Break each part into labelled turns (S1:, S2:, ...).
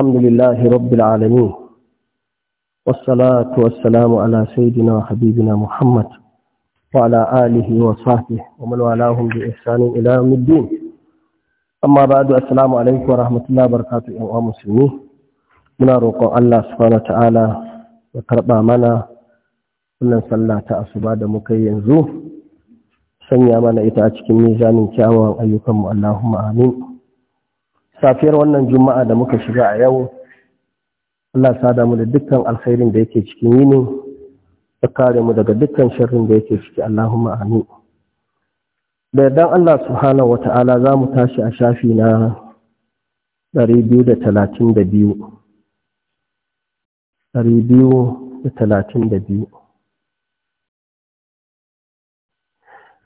S1: الحمد لله رب العالمين والصلاة والسلام على سيدنا وحبيبنا محمد وعلى آله وصحبه ومن والاهم بإحسان إلى يوم الدين أما بعد السلام عليكم ورحمة الله وبركاته يا مسلمين من روقو الله سبحانه وتعالى وكرب منا wannan sallah ta asuba da muka yi yanzu sanya mana ita a cikin mizanin kyawawan ayyukanmu Allahumma amin safiyar wannan juma'a da muka shiga a yau Allah sada mu da dukkan alkhairin da yake cikin yini da kare mu daga dukkan sharrin da yake ciki Allahumma amin da yardan Allah subhanahu wata'ala za mu tashi a shafi na da 232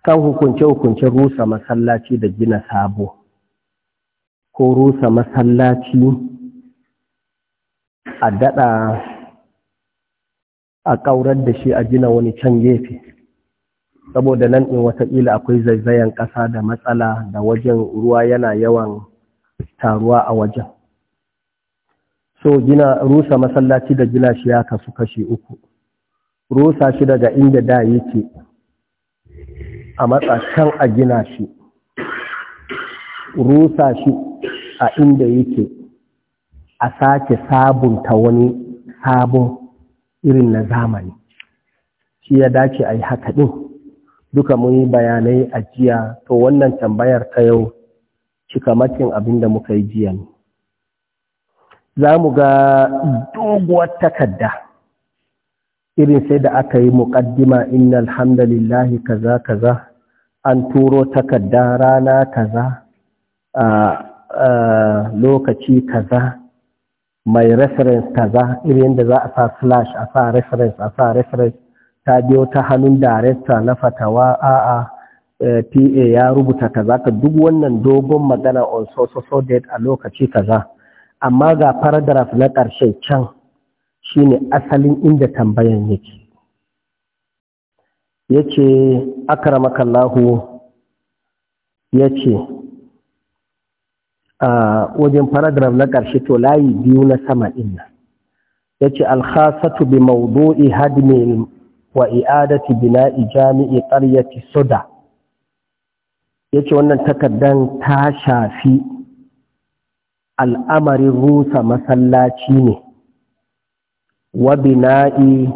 S1: kan hukunce-hukuncen rusa masallaci da gina sabo ko rusa masallaci a daɗa a ƙaurar da shi a gina wani can gefe saboda nan in wataƙila akwai zaizayen ƙasa da matsala da wajen ruwa yana yawan taruwa a wajen so gina rusa masallaci da gina shi ya kasu kashi uku rusa shi daga inda da yake a matsa can a gina shi rusa shi a inda yake a sake sabunta wani sabon irin na zamani shi ya dace a yi haka ɗin duka mun yi bayanai a jiya to wannan tambayar ta yau cikamakin abin da muka yi jiya ne za mu ga doguwar takarda irin sai da aka yi muƙaddima inna alhamdulillahi kaza kaza an turo takarda rana kaza A lokaci kaza mai reference kaza irin da za a sa slash a sa reference a sa reference ta biyo ta hannun director na fatawa a'a eh, PA ya rubuta kaza ka duk wannan dogon magana on so so so date a lokaci kaza amma ga paragraph na ƙarshe can shine asalin inda tambayan yake yace akramakallahu yace wajen paragraf na ƙarshe to layi biyu na sama inna, yace ya ce alhasatu bi maudu'i hadmi wa i'adati bina jami'i ƙaryati soda ya ce wannan takardan ta shafi al'amarin rusa masallaci ne wa bina'i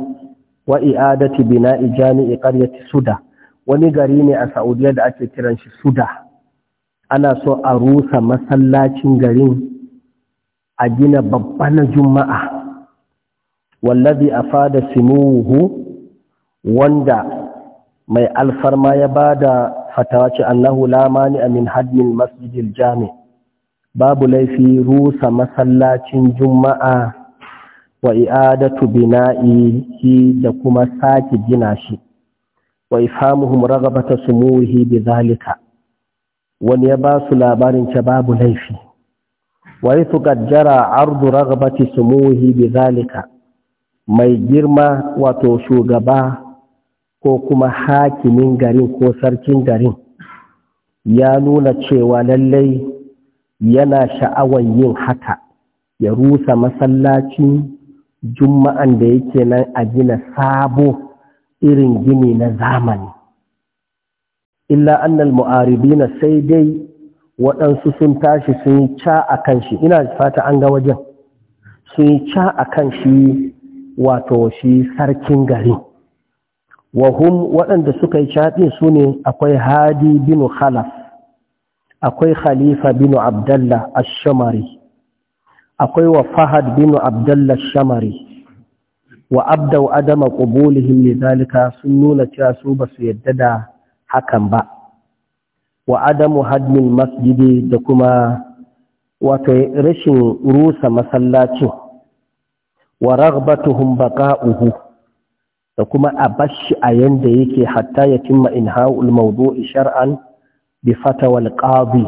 S1: wa i'adati bina jami'i ƙaryati suda wani gari ne a saudiya da ake kiran shi suda ana so a rusa masallacin garin a gina babban juma'a wallazi a fada simuhu wanda mai alfarma ya ba da fatawa ce annahu lamani a hadmin masjidil jami babu laifi rusa masallacin juma'a wa i'adatu bina'ihi da kuma sake gina shi wa ifhamuhum raghabata sumuhi bi zalika wani ya ba su labarin ce babu laifi wai su gajjara ardu ragbati sumuhi bi zalika mai girma wato shugaba ko kuma hakimin garin ko sarkin garin ya nuna cewa lallai yana sha'awan yin haka ya rusa masallacin juma'an da yake nan a gina sabo irin gini na zamani illa annal mu'aribina sai dai waɗansu sun tashi sun yi ca a kan shi ina fata an ga wajen sun yi ca a kan shi wato shi sarkin gari wahum waɗanda suka yi caɗin su ne akwai hadi binu khalaf akwai khalifa binu abdallah ash-shamari akwai wa fahad binu abdallah ash-shamari wa abdau adama qubulihim lidhalika sun nuna cewa su basu yadda da hakan ba wa adamu hadmin masjidi da kuma wato rashin rusa masallacin wa ragbatuhum baqa'uhu da kuma a bashi a yanda yake hatta ya timma inha'ul mawdu'i shar'an bi fatawa al-qadi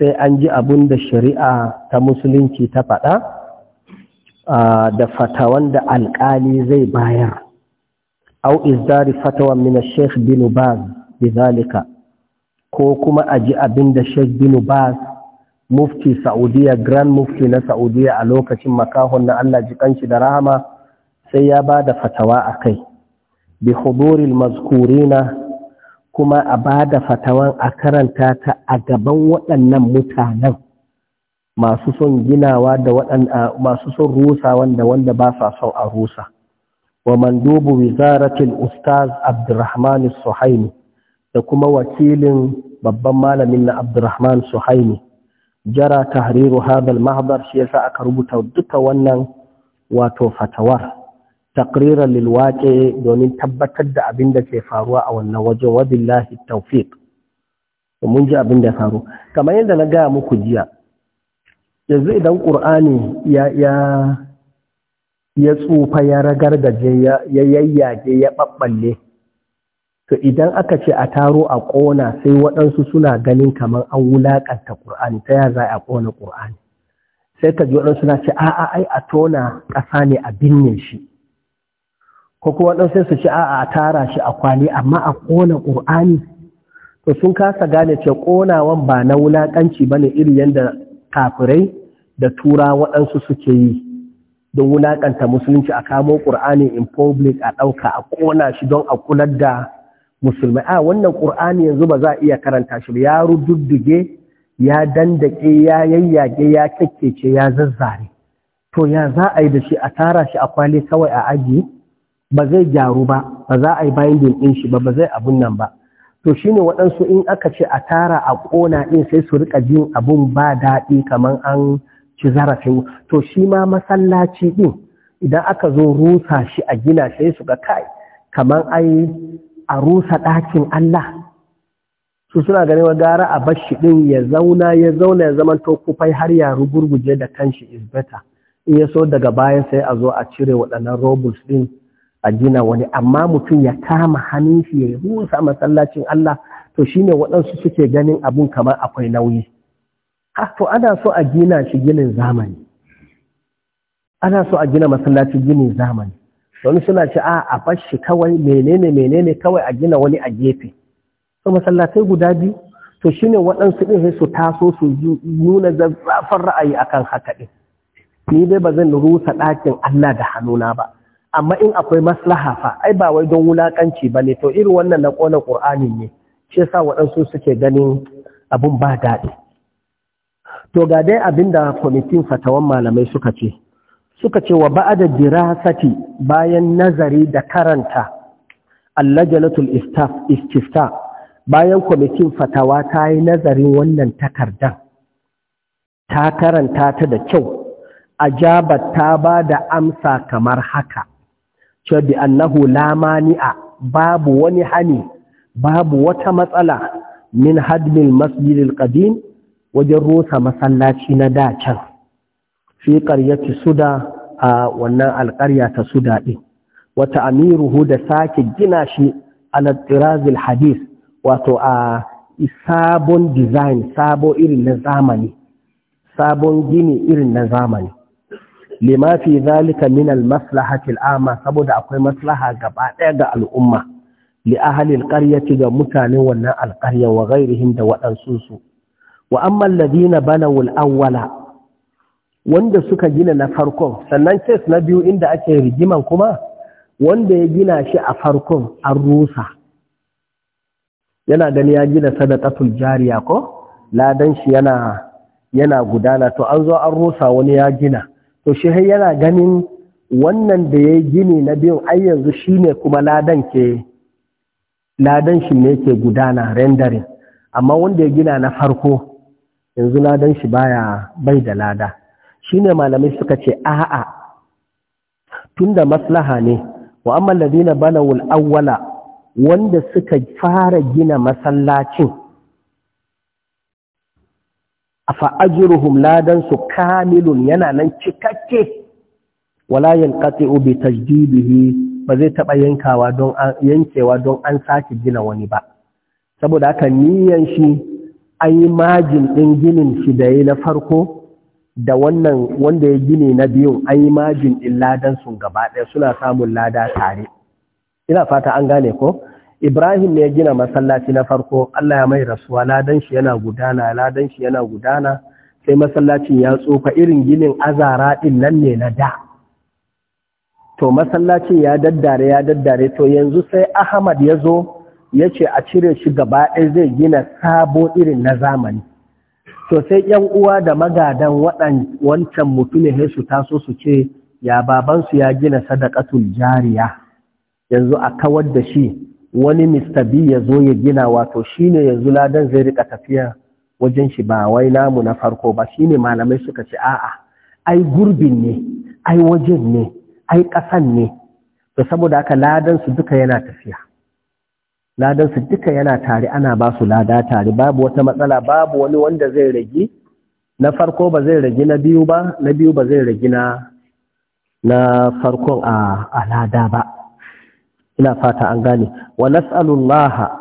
S1: sai an ji abun da shari'a ta musulunci ta faɗa da fatawan da alƙali zai bayar au izdari fatawan min ash-shaykh bin baz bizalika ko kuma a ji abin da Sheikh bin Bas mufti Saudiya Grand Mufti na Saudiya a lokacin makahon na Allah ji da rahama sai ya ba da fatawa a kai bi huduril mazkurina kuma a ba da fatawan a karanta ta a gaban waɗannan mutanen masu son ginawa da waɗanda masu son rusa wanda wanda ba sa son a rusa wa mandubu wizaratil ustaz Abdurrahman Suhaimi da kuma wakilin babban malamin na Abdurrahman Suhaimi jara tahriru hadal mahbar shi yasa aka rubuta duka wannan wato fatawar takrira lil domin tabbatar da abin da ke faruwa a wannan waje wa billahi tawfiq mun ji abin da faru kamar yadda na gaya muku jiya yanzu idan qur'ani ya ya ya tsufa ya ragargaje ya yayyage ya babballe to idan aka ce a taro a ƙona sai waɗansu suna ganin kamar an wulaƙanta ƙur'ani ta ya za a ƙona ƙur'ani sai ka ji waɗansu na ce a'a ai a tona ƙasa ne a binne shi ko kuma waɗansu su ce a'a a tara shi a kwali amma a ƙona ƙur'ani to sun kasa gane ce ƙonawan ba na wulaƙanci ba ne irin yadda kafirai da tura waɗansu suke yi don wulaƙanta musulunci a kamo ƙur'ani in public a ɗauka a ƙona shi don a kular da musulmai a wannan ƙur'ani yanzu ba za a iya karanta shi ba ya rududduge ya dandake ya yayyage ya kakkece ya zazzare to ya za a yi da shi a tara shi a kwale kawai a aji ba zai gyaru ba ba za a yi bayan ɗin shi ba ba zai abun nan ba to shine waɗansu in aka ce a tara a ƙona ɗin sai su rika jin abun ba daɗi kamar an ci zarafin to shi ma masallaci ɗin idan aka zo rusa shi a gina sai su ga kai kamar ai a rusa ɗakin Allah su suna gani wa gara a bashi ɗin ya zauna ya zauna ya zama to kufai har ya rugurguje da kanshi is better in ya so daga bayan sai a zo a cire waɗannan robles ɗin a gina wani amma mutum ya kama hannun shi ya rusa masallacin Allah to shine waɗansu suke ganin abun kamar akwai nauyi ha to ana so a gina shi ana so a gina masallaci ginin zamani wani suna ce ah, a a fashi kawai menene menene kawai a gina wani a gefe to masallatai guda biyu to shine waɗansu ɗin su taso su nuna zazzafan ra'ayi a kan haka ɗin ni dai ba zan rusa ɗakin Allah da hannuna ba amma in akwai maslaha fa ai ba wai don wulakanci ba ne to irin wannan na ƙona ƙur'ani ne shi yasa waɗansu suke ganin abun ba daɗi to ga dai abin da kwamitin fatawan malamai suka ce suka ce wa ba'ada dirasati bayan nazari da karanta allajalatul istifta bayan kwamitin fatawa ta yi nazarin wannan takardan ta karanta ta da kyau ajabat ta ba da amsa kamar haka cewa bi annahu la babu wani hani babu wata matsala min hadmil masjidil qadim wajen rusa masallaci na da can fi ƙaryati suda a wannan alƙarya ta suda din wata amiruhu da sake gina shi ala hadis wato a sabon design sabo irin na zamani sabon gini irin na zamani lima fi zalika min al maslahati saboda akwai maslaha gaba ɗaya ga al'umma li ahli ƙaryati ga mutanen wannan alƙarya wa ghairihim da waɗansu su wa amma alladhina banaw awwala wanda suka gina na farkon sannan kes na biyu inda ake rigiman kuma wanda ya gina shi a farkon an rusa yana gani ya gina sadaqatul jariya ko ladan shi yana yana gudana to an zo an rusa wani ya gina to shi yana ganin wannan da ya gini na biyun ai yanzu shine kuma ladan ke ladan shi ne ke gudana rendering amma wanda ya gina na farko yanzu ladan shi baya bai da lada ne malamai suka ce a'a da maslaha ne wa amma ladina banawul wul'awwala wanda suka fara gina masallacin A ajruhum ladan su kamilun yana nan cikakke wala obi bi tajdidihi ba zai taɓa yankewa don an sake gina wani ba saboda haka niyan shi an yi majin ɗin ginin shi da yi na farko da wannan wanda ya gini na biyun an yi majin ɗin ladan sun gaba ɗaya suna samun lada tare ina fata an gane ko ibrahim ne ya gina masallaci na farko allah ya mai rasuwa ladan shi yana gudana ladan shi yana gudana sai masallacin ya tsufa irin ginin azara ɗin nan ne na da to masallacin ya daddare ya daddare to yanzu sai ahmad ya zo ya ce a cire shi gaba ɗaya zai gina sabo irin na zamani to sai ‘yan uwa da magadan wancan mutumin sai su taso su ce ya babansu ya gina sadaqatul jariya yanzu a kawar da shi wani Mr. B ya zo ya gina wato shine yanzu ladan zai rika tafiya wajen shi ba wai namu na farko ba shine malamai suka ce a'a ai gurbin ne ai wajen ne ai ƙasan ne to saboda haka ladan su duka yana tafiya ladan su duka yana tare ana ba su lada tare babu wata matsala babu wani wanda zai ragi na farko ba zai rage na biyu ba na biyu ba zai rage na na farkon a lada ba ina fata an gane wa nas'alullah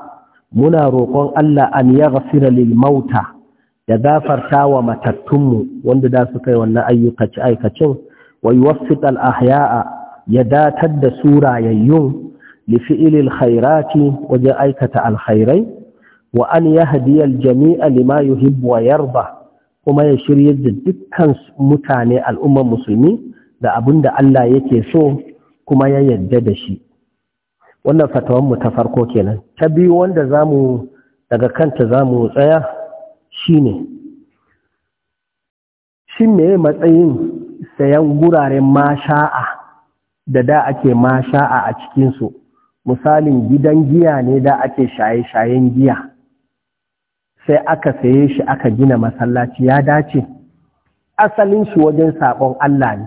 S1: muna roƙon Allah an yaghfira lil mauta ya gafarta wa matattunmu wanda da su kai wannan ci aikacin wa yuwaffiqal ahya'a ya datar da surayayyun لفعل الخيرات وجاء aikata alkhairai wa'ani an yahdiya aljami'a lima kuma ya shirya da dukkan mutane al'ummar musulmi da abinda Allah yake so kuma ya yarda da shi wannan fatawan mu ta farko kenan ta biyu wanda zamu daga kanta zamu tsaya shine shin me matsayin sayan guraren masha'a da da ake masha'a a cikin su misalin gidan giya ne da ake shaye-shayen giya sai aka saye shi aka gina masallaci ya dace asalin shi wajen saƙon Allah ne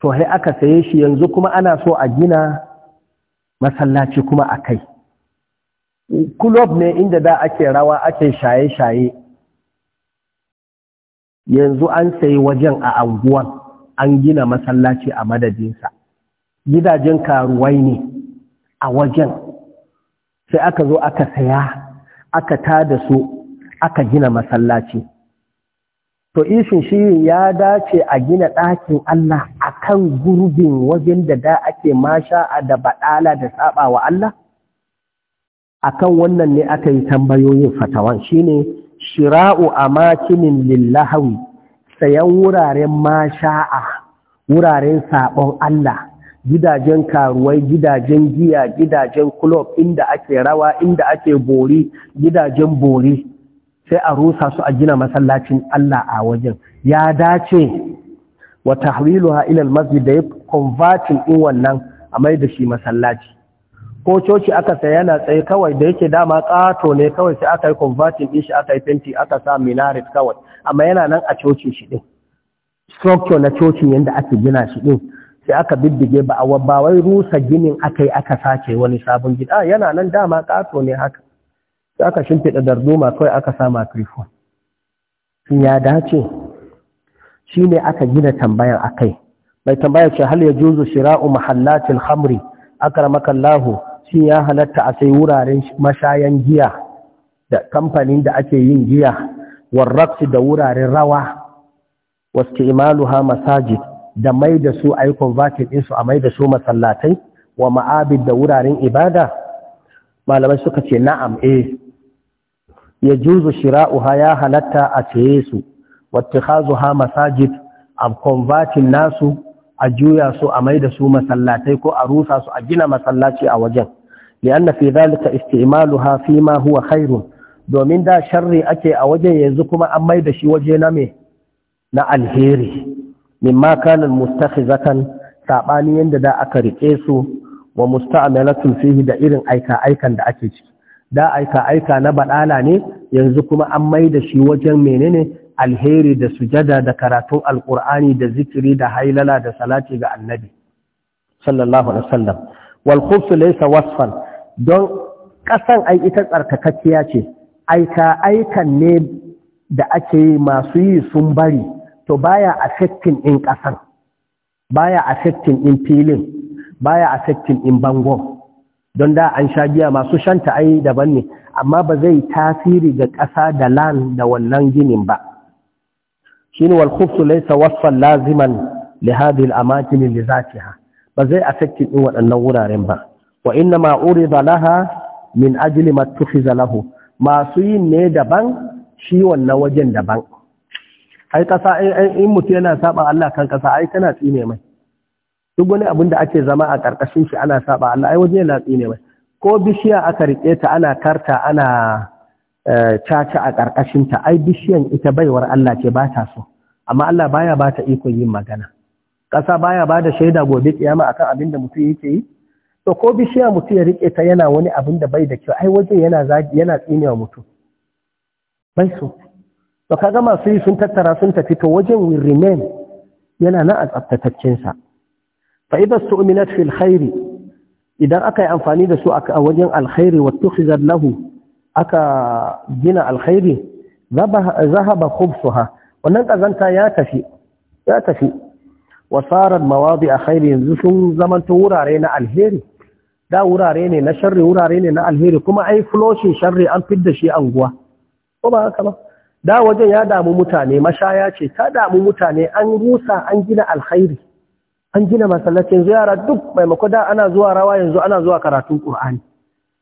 S1: to sai aka saye shi yanzu kuma ana so a gina masallaci kuma a kai kulob ne inda da ake rawa ake shaye-shaye yanzu an sayi wajen a anguwan an gina masallaci a madadinsa gidajen karuwai ne a wajen sai aka zo aka saya aka ta da su aka gina masallaci to ishin shi ya dace a gina ɗakin Allah akan gurbin wajen da da ake masha da baɗala da saba wa Allah akan wannan ne aka yi tambayoyin fatawan shine shira'u makinin lillahawi sayan wuraren masha'a wuraren sabon Allah gidajen karuwai gidajen giya gidajen club inda ake rawa inda ake bori gidajen bori sai a rusa su a gina masallacin Allah a wajen ya dace wa tahwiluha ila almasjid da converting din wannan a mai da shi masallaci ko coci aka saya yana tsaye kawai da yake dama kato ne kawai sai aka yi converting din shi aka yi fenti aka sa minaret kawai amma yana nan a cocin shi din structure na coci yadda ake gina shi ɗin. sai aka bibbige ba a ba wai rusa ginin aka aka sace wani sabon gida ah, yana nan dama kato ne haka sai aka shimfiɗa darduma kawai aka sa makrifon Sun ya dace shi ne aka gina tambayar akai kai mai tambayar ce hal ya juzu shira'u mahallatin hamri Allah shi ya halatta a sai wuraren mashayan giya da kamfanin da ake yin giya warraqsi da wuraren rawa wasu imaluha masajid da mai da su a yi din su a mai da su masallatai wa ma'abid da wuraren ibada malamai suka ce na'am e ya juzu shira'uha ya halatta a saye su wattakhazuha masajid a converting nasu a juya su a mai da su masallatai ko a rusa su a gina masallaci a wajen li'anna fi zalika isti'maluha fi ma huwa khairun domin da sharri ake a wajen yanzu kuma an mai da shi waje na me na alheri mimma kana mustakhizatan sabani yanda da aka riƙe su wa musta'malatun fihi da irin aika aikan da ake ciki da aika aika na baɗala ne yanzu kuma an mai da shi wajen menene alheri da sujada da karatun Alƙur'ani da zikiri da hailala da salati ga annabi sallallahu alaihi wasallam wal khubs laysa wasfan don kasan ai ita tsarkakakkiya ce aika aikan ne da ake yi masu yi sun bari to baya affecting ɗin ƙasan baya affecting ɗin filin baya affecting in bangon don da an sha giya masu shanta ai daban ne amma ba zai tasiri ga ƙasa da lan da wannan ginin ba shine wal khubsu laysa wasfan laziman li hadhihi al amakin li zatiha ba zai affecting ɗin waɗannan wuraren ba wa inna ma urida laha min ajli ma tukhiza lahu masu yin ne daban shi wannan wajen daban ai kasa in mutu yana saba Allah kan kasa ai tana tsine mai duk wani abin da ake zama a ƙarƙashin shi ana saba Allah ai waje yana tsine mai ko bishiya aka rike ta ana karta ana eh, caca a ƙarƙashin ta ai bishiyan ita baiwar Allah ce ba ta so amma Allah baya ba ta ikon yin magana ƙasa baya ba da shaida gobe kiyama akan abin da mutum yake yi to ko bishiya mutum ya rike ta yana wani abin da bai da kyau ai waje yana yana tsinewa mutum bai so to kaga masu yi sun tattara sun tafi to wajen will remain yana na a tsaftataccensa fa idan su'minat fil khairi idan aka yi amfani da su a wajen alkhairi wa tukhizat lahu aka gina alkhairi zahaba khubsuha wannan kazanta ya tafi ya tafi wa sarat mawadi a khairi yanzu sun zamanta wurare na alheri da wurare ne na sharri wurare ne na alheri kuma ai floshin sharri an fidda shi anguwa ko ba haka ba da wajen ya damu mutane mashaya ce ta damu mutane an rusa an gina alkhairi an gina masallacin ziyara duk maimako da ana zuwa rawa yanzu ana zuwa karatun qur'ani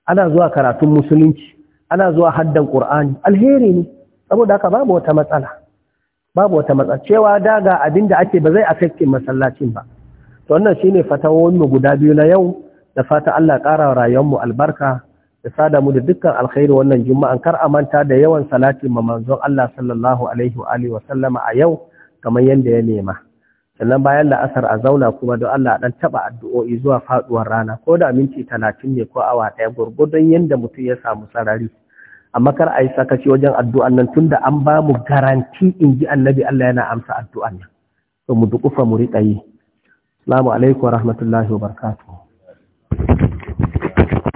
S1: ana zuwa karatun musulunci ana zuwa haddan qur'ani alheri ne saboda haka babu wata matsala babu wata matsala cewa daga ga abin da ake ba zai affecting masallacin ba to wannan shine fatawoyin mu guda biyu na yau da fata Allah ƙara rayuwar mu albarka da sada mu da dukkan alkhairi wannan juma'an kar a manta da yawan salati ma manzon Allah sallallahu alaihi wa alihi wa sallama a yau kamar yanda ya nema sannan bayan la'asar a zauna kuma don Allah dan taba addu'o'i zuwa faduwar rana ko da minti talatin ne ko awa ɗaya gurgudun yanda mutum ya samu sarari amma kar a yi sakaci wajen addu'an nan tunda an ba mu garanti in ji annabi Allah yana amsa addu'an nan to mu duƙufa mu riƙa yi assalamu alaikum wa rahmatullahi wa barakatuh